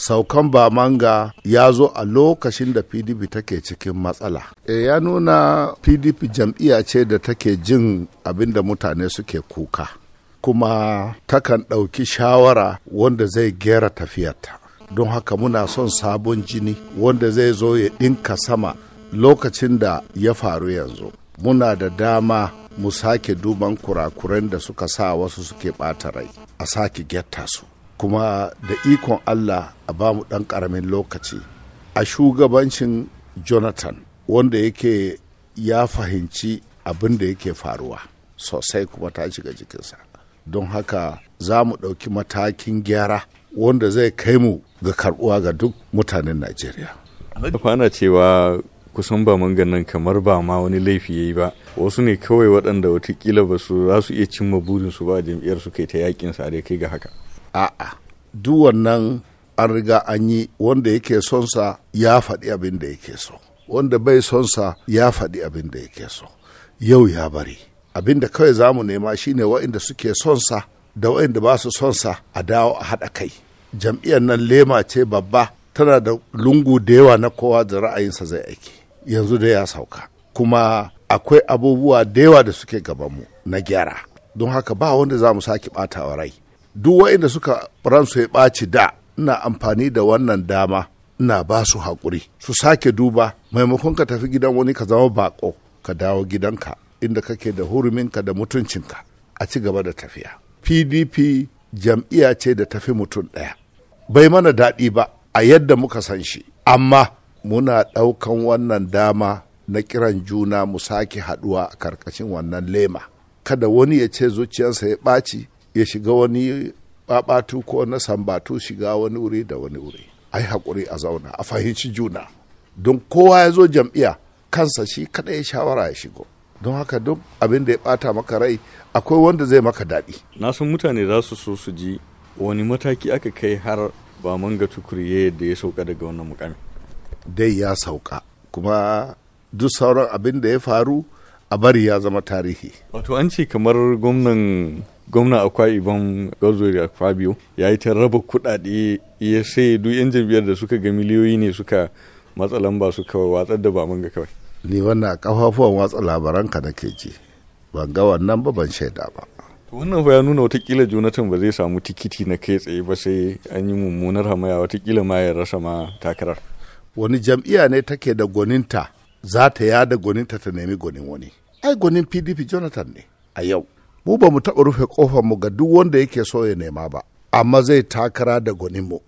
saukan bamanga ya zo a lokacin da pdp take cikin matsala e ya nuna pdp jam'iyya ce da take jin abin da mutane suke kuka kuma takan ɗauki shawara wanda zai gera tafiyarta don haka muna son sabon jini wanda zai zo ya ɗinka sama lokacin da ya faru yanzu muna da dama mu sake duban kurakuren da suka sa wasu suke ɓata rai a sake getta su kuma da ikon allah a ba mu ɗan ƙaramin lokaci a shugabancin jonathan wanda yake ya fahimci abin da yake faruwa sosai kuma ta shiga jikinsa don haka za mu ɗauki matakin gyara wanda zai kai mu ga karbuwa ga duk mutanen najeriya kwana cewa kusan ba mun ganin kamar ba ma wani laifi ya yi ba wasu ne kawai waɗanda watakila ba su za su iya cimma burinsu ba jam'iyyar su kai ta yakin sa dai kai ga haka a'a duk wannan an riga an yi wanda yake sonsa ya faɗi abin da yake so wanda bai son sa ya faɗi abin da yake so yau ya bari abin da kawai za mu nema shine wa'inda suke sonsa da wa'inda ba su son sa a dawo a haɗa kai jam'iyyar nan lema ce babba tana da lungu da yawa na kowa da ra'ayinsa zai aiki yanzu da ya sauka kuma akwai abubuwa da yawa da suke gabanmu na gyara don haka ba wanda za mu sake ɓatawa rai duk wa'inda suka ransu ya ɓaci da ina amfani da wannan dama ina ba su haƙuri su sake duba maimakon ka tafi gidan wani ka zama baƙo ka dawo gidanka inda kake da huruminka da mutuncinka a ci gaba da tafiya pdp jam'iyya ce da tafi mutum ɗaya bai mana daɗi ba a yadda muka san shi amma muna ɗaukan wannan dama na kiran juna mu sake haɗuwa a karkashin wannan lema kada wani ya ce zuciyarsa ya ɓaci ya shiga wani babatu ko na sambatu shiga wani wuri da wani wuri ai haƙuri a zauna a fahimci juna don kowa ya zo jam'iyya kansa shi kada ya shawara ya shigo don haka duk abin da ya bata maka rai akwai wanda zai maka daɗi na san mutane za su so su ji wani mataki aka kai har ba manga tukuri da ya sauka daga wannan mukami dai ya sauka kuma duk sauran abin da ya faru a bari ya zama tarihi wato an ce kamar gwamnan gwamna akwai ibon a fabio ya yi ta raba kudade ya sai duk yan jam'iyyar da suka ga miliyoyi ne suka matsa lamba suka watsar da ba ga kawai ni wannan kafafuwan watsa labaranka ka ji ban ga wannan ba ban shaida ba wannan fa ya nuna watakila jonathan ba zai samu tikiti na kai tsaye ba sai an yi mummunar hamaya watakila ma ya rasa ma takarar wani jam'iyya ne take da gwaninta za ta yada gwaninta ta nemi gwanin wani ai gwanin pdp jonathan ne a yau mu ba mu taɓa rufe ƙofar mu ga duk wanda yake so ya nema ba amma zai takara da gwanin mu